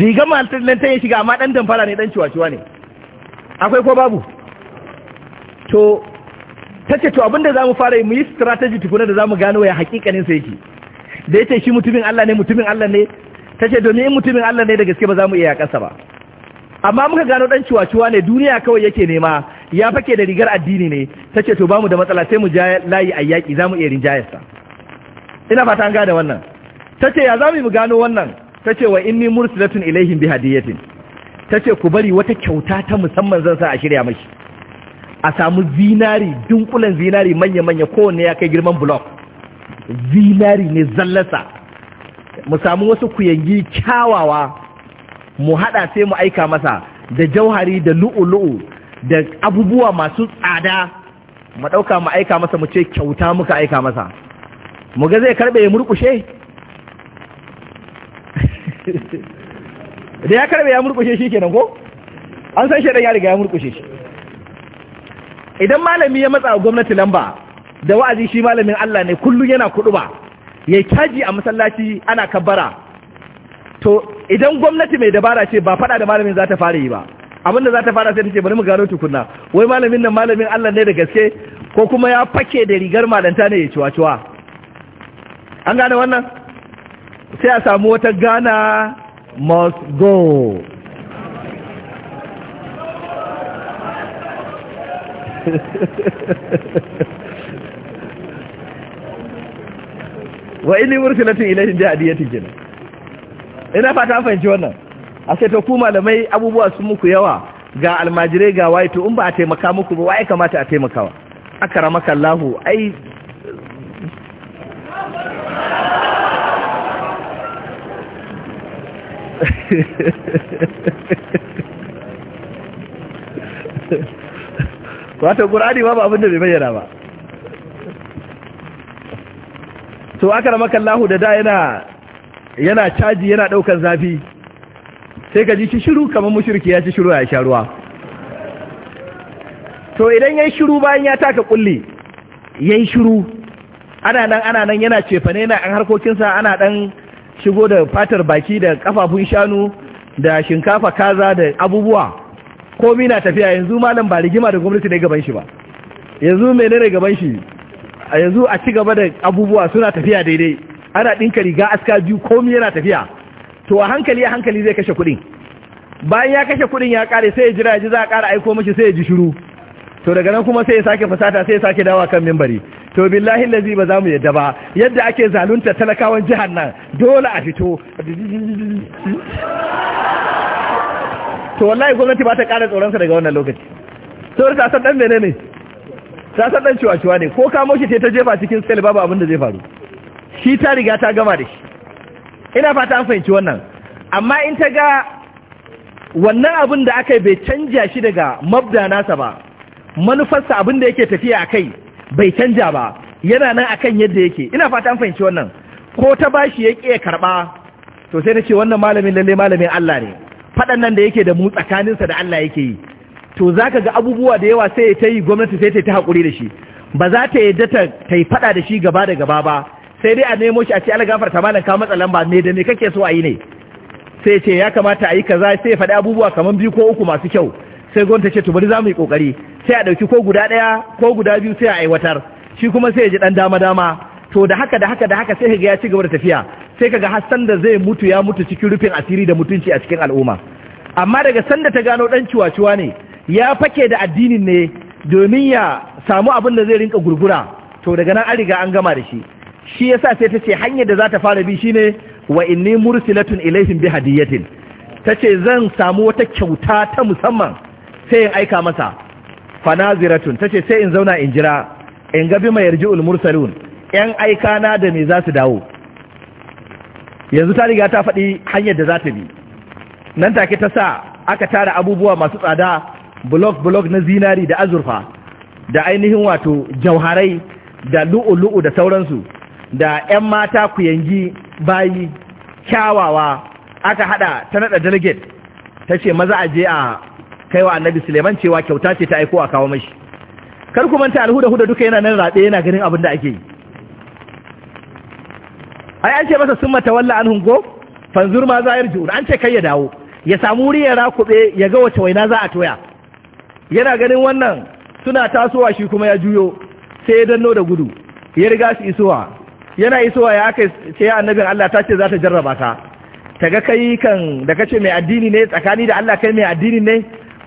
A: rigar malantar ya shiga amma ɗan damfara ne dan ciwaciwa ne akwai ko babu to ta ce to abinda za mu fara mu yi strategy tukuna da za mu gano ya hakikanin sa yake da ya ce shi mutumin Allah ne mutumin Allah ne ta ce domin in mutumin Allah ne da gaske ba za mu iya yakansa ba amma muka gano dan ciwaciwa ne duniya kawai yake nema ya fake da rigar addini ne ta ce to ba mu da matsala sai mu ja layi a yaƙi za mu iya rinjayarsa ina fata an gane wannan ta ce ya za mu gano wannan ta ce wa inni mursilatun ilaihim bi hadiyatin ta ce ku bari wata kyauta ta musamman zan sa a shirya mashi a samu zinari dunkulan zinari manya-manya kowanne ya kai girman blok zinari ne zallasa mu samu wasu kuyangi kyawawa mu haɗa sai mu aika masa da jauhari da lu'ulu'u da abubuwa masu tsada mu ɗauka mu aika masa mu ce kyauta muka aika masa mu ga zai karɓe ya murkushe. da ya karbe ya murkushe shi kenan ko an san shedan ya riga ya murkushe shi idan malami ya matsa gwamnati lamba da wa'azi shi malamin Allah ne kullum yana kuduba yayi caji a masallaci ana kabbara to idan gwamnati mai dabara ce ba fada da malamin za ta fara yi ba abinda za ta fara sai ta ce bari mu gano tukunna wai malamin nan malamin Allah ne da gaske ko kuma ya fake da rigar malanta ne ya ciwa-ciwa an gane wannan sai a samu wata gana must go wa ili mursilatin ilayhim bi adiyatin jinn ina fata fahimci wannan a sai to ku malamai abubuwa sun muku yawa ga almajirai ga waye to in ba a taimaka muku ba waye kamata a taimakawa ramakan lahu, ai wato ƙur'ani ba abin da bai bayyana ba to aka ramakan lahu da da yana yana caji yana ɗaukan zafi sai ka ji shi shiru kamar mushirki ya ci shiru ya sha ruwa to idan ya yi shiru bayan ya taka kulli ya yi shiru ana nan ana nan yana cefane yana an harkokinsa ana ɗan shigo da fatar baki da kafafun shanu da shinkafa kaza da abubuwa komi na tafiya yanzu malam ba rigima da gwamnati ne gaban shi ba yanzu menene gaban shi a yanzu a ci gaba da abubuwa suna tafiya daidai ana ɗinka riga aska biyu komi yana tafiya to a hankali a hankali zai kashe kuɗin bayan ya kashe kuɗin ya ƙare sai ya jira ya ji za a ƙara aiko mashi sai ya ji shiru to daga nan kuma sai ya sake fasata sai ya sake dawa kan mimbari to billahi lazi ba za mu yadda ba yadda ake zalunta talakawan jihar nan dole a fito to wallahi gwamnati ba ta ƙara tsoronsa daga wannan lokaci saboda ta dan mene ne ta dan ciwa-ciwa ne ko kamo shi ta jefa cikin sel babu abin da zai faru shi ta riga ta gama da shi ina fata an fahimci wannan amma in ta ga wannan abin da aka yi bai canja shi daga mabda nasa ba manufarsa abin da yake tafiya a kai bai canja ba yana nan akan yadda yake ina fata an fahimci wannan ko ta bashi ya ke ya karɓa to sai na ce wannan malamin lalle malamin Allah ne faɗan nan da yake da mu tsakaninsa da Allah yake yi to za ga abubuwa da yawa sai ta yi gwamnati sai ta ta hakuri da shi ba za ta yadda ta ta yi faɗa da shi gaba da gaba ba sai dai a nemo shi a ce Allah ta malam ka matsa lamba ne da me kake so a yi ne sai ce ya kamata a yi kaza sai ya faɗi abubuwa kamar biyu ko uku masu kyau sai gwamnati ce to bari za mu yi ƙoƙari sai a ɗauki ko guda ɗaya ko guda biyu sai a aiwatar shi kuma sai ya ji ɗan dama-dama to da haka da haka da haka sai ga ya ci gaba da tafiya sai kaga har sanda zai mutu ya mutu cikin rufin asiri da mutunci a cikin al'umma amma daga sanda ta gano ɗan ciwaciwa ne ya fake da addinin ne domin ya samu abin da zai rinka gurgura to daga nan an riga an gama da shi shi yasa sai ta ce hanyar da za ta fara bi shine wa inni mursilatun ilaihim bi hadiyatin ta zan samu wata kyauta ta musamman sai in aika masa fanaziratun tace sai in zauna in jira in ga bima yarji'ul mursalun yan aika na da me za su dawo yanzu ta riga ta faɗi hanyar da za ta bi nan take ta sa aka tara abubuwa masu tsada block bulok na zinari da azurfa da ainihin wato jauharai da lu'u-lu'u da sauransu da ƴan mata ku yangi bayi kyawawa aka hada ta nada delegate tace maza a je a kai wa annabi suleiman cewa kyauta ce ta aiko a kawo mashi kar ku manta alhuda huda duka yana nan raɗe yana ganin abin da ake yi ai an ce masa summa tawalla walla an hungo fanzur ma za yarju an ce kai ya dawo ya samu wuri ya rakube ya ga wace waina za a toya yana ganin wannan suna tasowa shi kuma ya juyo sai ya danno da gudu ya riga su isowa yana isowa ya aka ce annabin Allah ta ce za ta jarraba ka ta ga kai kan da kace mai addini ne tsakani da Allah kai mai addini ne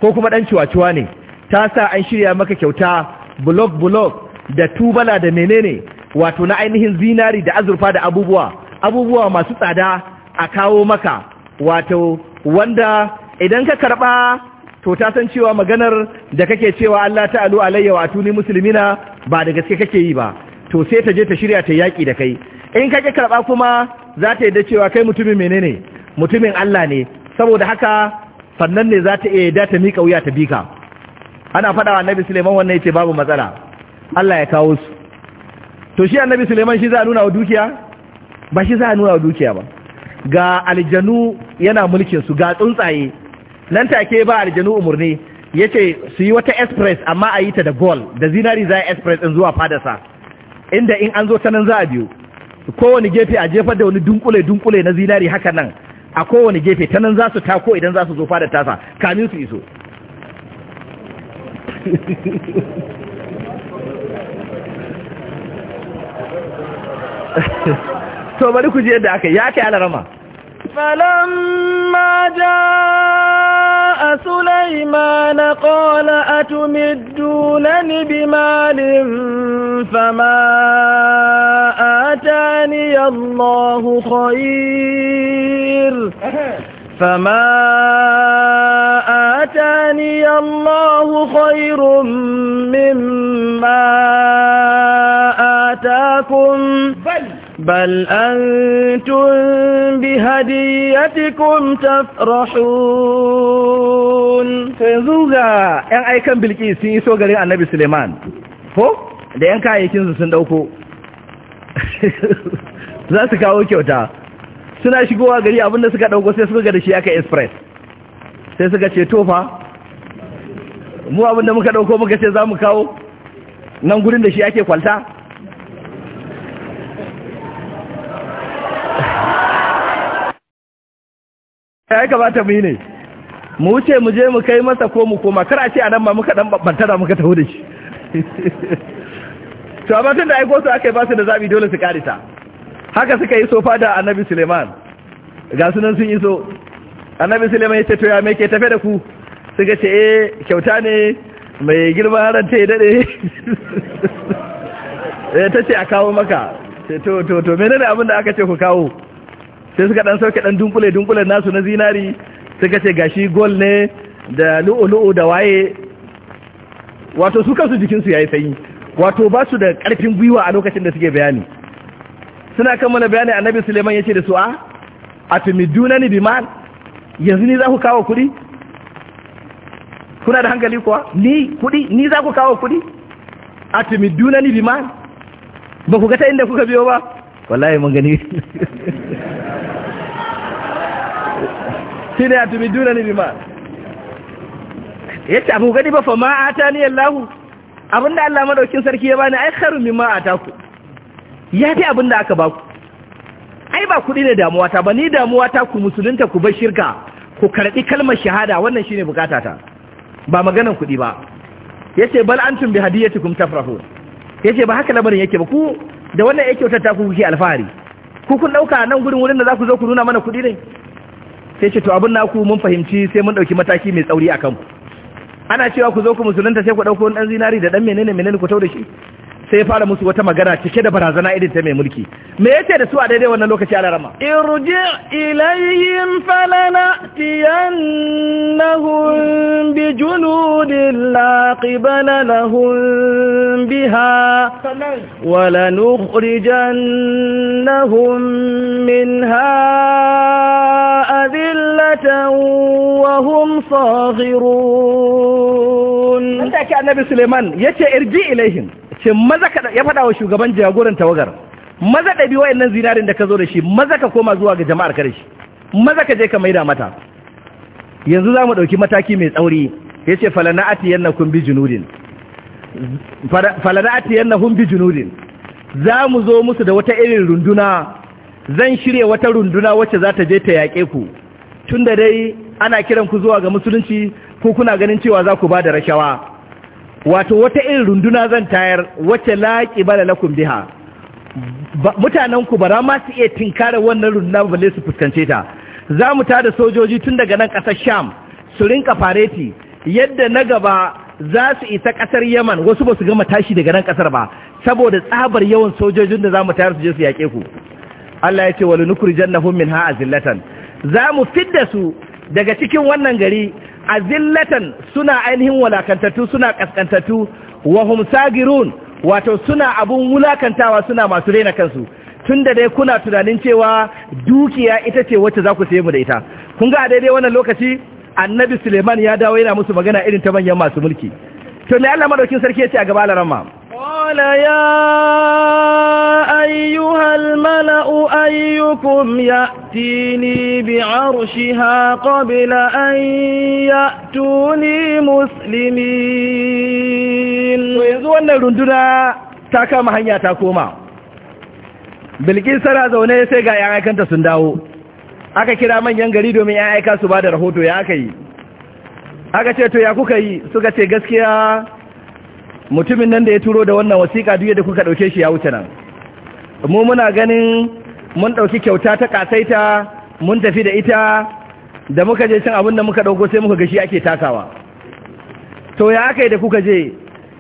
A: ko kuma ɗan ciwaciwa ne ta sa an shirya maka kyauta bulok-bulok da tubala da menene wato na ainihin zinari da azurfa da abubuwa abubuwa masu tsada a kawo maka wato wanda idan ka karɓa to ta san cewa maganar da kake cewa Allah ta ta'alu alayya wa tuni musulmina ba da gaske kake yi ba to sai ta je ta shirya ta yaƙi da kai in ka ƙi karɓa kuma za ta da cewa kai mutumin menene mutumin Allah ne saboda haka sannan ne za ta iya yadda ta miƙa wuya ta bika ana faɗa wa annabi suleiman wannan ya ce babu matsala Allah ya kawo su to shi annabi suleiman shi za a nuna wa dukiya ba shi za a nuna wa dukiya ba ga aljanu yana mulkin su ga tsuntsaye nan take ba aljanu umarni ce su yi wata express amma a yi ta da gol da zinari za a express in zuwa fadasa inda in an zo ta nan za a biyu kowane gefe a jefar da wani dunkule dunkule na zinari haka nan a kowane gefe ta nan za su tako idan za su zo fada tasa kamin su iso to bari ku je yadda aka ya kai alarama
B: falamma jaa سليمان قال أتمدونني بمال فما آتاني الله خير فما آتاني الله خير مما آتاكم بل بل أنتم بهديتكم تفرحون
A: فيزوغا ‘yan aikan bilki sun iso garin annabi Suleiman ko da ‘yan kayayyakinsu sun ɗauko za su kawo kyauta suna shigowa gari abinda suka ɗauko sai suka da shi aka express sai suka ce tofa mu abinda muka ɗauko muka ce za mu kawo nan gudun da shi ake kwalta ya kamata mu yi ne mu wuce mu je mu kai masa ko mu koma kar a ce anan ma muka dan da muka taho da shi to amma tun da aiko su aka yi ba su da zabi dole su karita haka suka yi sofa da annabi suleiman ga sunan sun yi so annabi suleiman ya ce to ya me ke tafe da ku suka ce eh kyauta ne mai girma ran ta dade eh ta ce a kawo maka to to to menene abin da aka ce ku kawo sai suka dan sauke dan dunkule dunkule nasu na zinari suka ce gashi gol ne da lu'u-lu'u da waye wato su kansu jikinsu yayi sanyi wato ba su da karfin gwiwa a lokacin da suke bayani suna kammala bayani annabi suleiman ya ce da su a ah, atumiduna ni biman yanzu ni za ku kawo kuɗi kuna da hankali kuwa ni kuɗi ni za ku kawo kuɗi atumiduna ni biman ba ku ga ta inda kuka biyo ba wallahi mun gani shi ne a tumi duna ni bima ya abu gani ba fa ma'ata ni yallahu abinda Allah madaukin sarki ya bani ai kharu mimma taku ya fi abinda aka baku ai ba kuɗi ne damuwa ta ba ni damuwa ta ku musulunta ku bai shirka ku karɓi kalmar shahada wannan shine bukata ta ba maganan kuɗi ba yace bal antum bi hadiyatikum tafrahu yace ba haka labarin yake ba ku da wannan yake wata ta ku kuke alfahari ku kun dauka nan gurin wurin da za ku zo ku nuna mana kuɗi ne sai ce to abin naku mun fahimci sai mun ɗauki mataki mai tsauri a ku. ana cewa ku zo ku musulunta sai ku ɗauko wani ɗan zinari da dan menene menene ku tau shi sai ya fara musu wata magana cike da barazana irin ta mai mulki me yace da su a daidai wannan lokaci a larama
B: irji ilayhim falanatiyannahum bi junudin la qibala lahum biha wa lanukhrijannahum minha adillatan wa hum saghirun
A: Allah annabi Suleiman yace irji ilayhim ce maza ka ya faɗa wa shugaban jagoran tawagar maza ɗabi wa'annan zinarin da ka zo da shi maza ka koma zuwa ga jama'ar ka da shi maza ka je ka maida mata yanzu za mu ɗauki mataki mai tsauri ya ce falana'ati yanna kun bi yanna hun bi junudin za mu zo musu da wata irin runduna zan shirya wata runduna wacce za ta je ta yaƙe ku tun da dai ana kiran ku zuwa ga musulunci ko kuna ganin cewa za ku ba da rashawa wato wata irin runduna zan tayar wacce laƙi bala lakum biha mutanenku ba rama su iya tinkara wannan runduna balle su fuskance ta za mu ta da sojoji tun daga nan ƙasar sham su rinka fareti yadda na gaba za su isa ƙasar yaman wasu ba su gama tashi daga nan ƙasar ba saboda tsabar yawan sojojin da za mu tayar su je su yaƙe ku Allah ya ce wani nukuri jannahun min ha'a zillatan za mu fidda su daga cikin wannan gari azillatan suna ainihin walakantattu suna kaskantattu wa hum wato suna abun wulakantawa suna masu rena kansu tunda dai kuna tunanin cewa dukiya ita ce wacce za ku saye mu da ita kun ga daidai wannan lokaci annabi suleiman ya dawo yana musu magana irin ta manyan masu mulki to me Allah madaukin sarki ya ce a gaba alaran
B: قال يا أيها الملأ أيكم يأتيني بعرشها قبل أن
A: يأتوني مسلمين ويزو أن الرندنا تاكا مهنيا تاكوما bilkin sana zaune sai ga ‘yan سنداو sun dawo aka kira manyan gari domin ya aika su ba da rahoto ya aka yi aka ce to ya kuka yi suka ce gaskiya mutumin nan da ya turo da wannan wasiƙa duk da kuka ɗauke shi ya wuce nan mu muna ganin mun ɗauki kyauta ta ƙasaita mun tafi da ita da muka je cin abin da muka ɗauko sai muka gashi ake takawa to ya aka da kuka je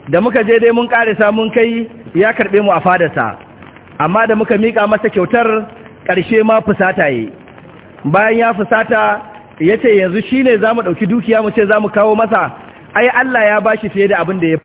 A: da muka je dai mun ƙarisa mun kai ya karɓe mu a fadarsa amma da muka miƙa masa kyautar ƙarshe ma fusata yi bayan ya fusata ya ce yanzu shi ne za mu ɗauki dukiya mu ce za mu kawo masa ai Allah ya ba fiye da abin da ya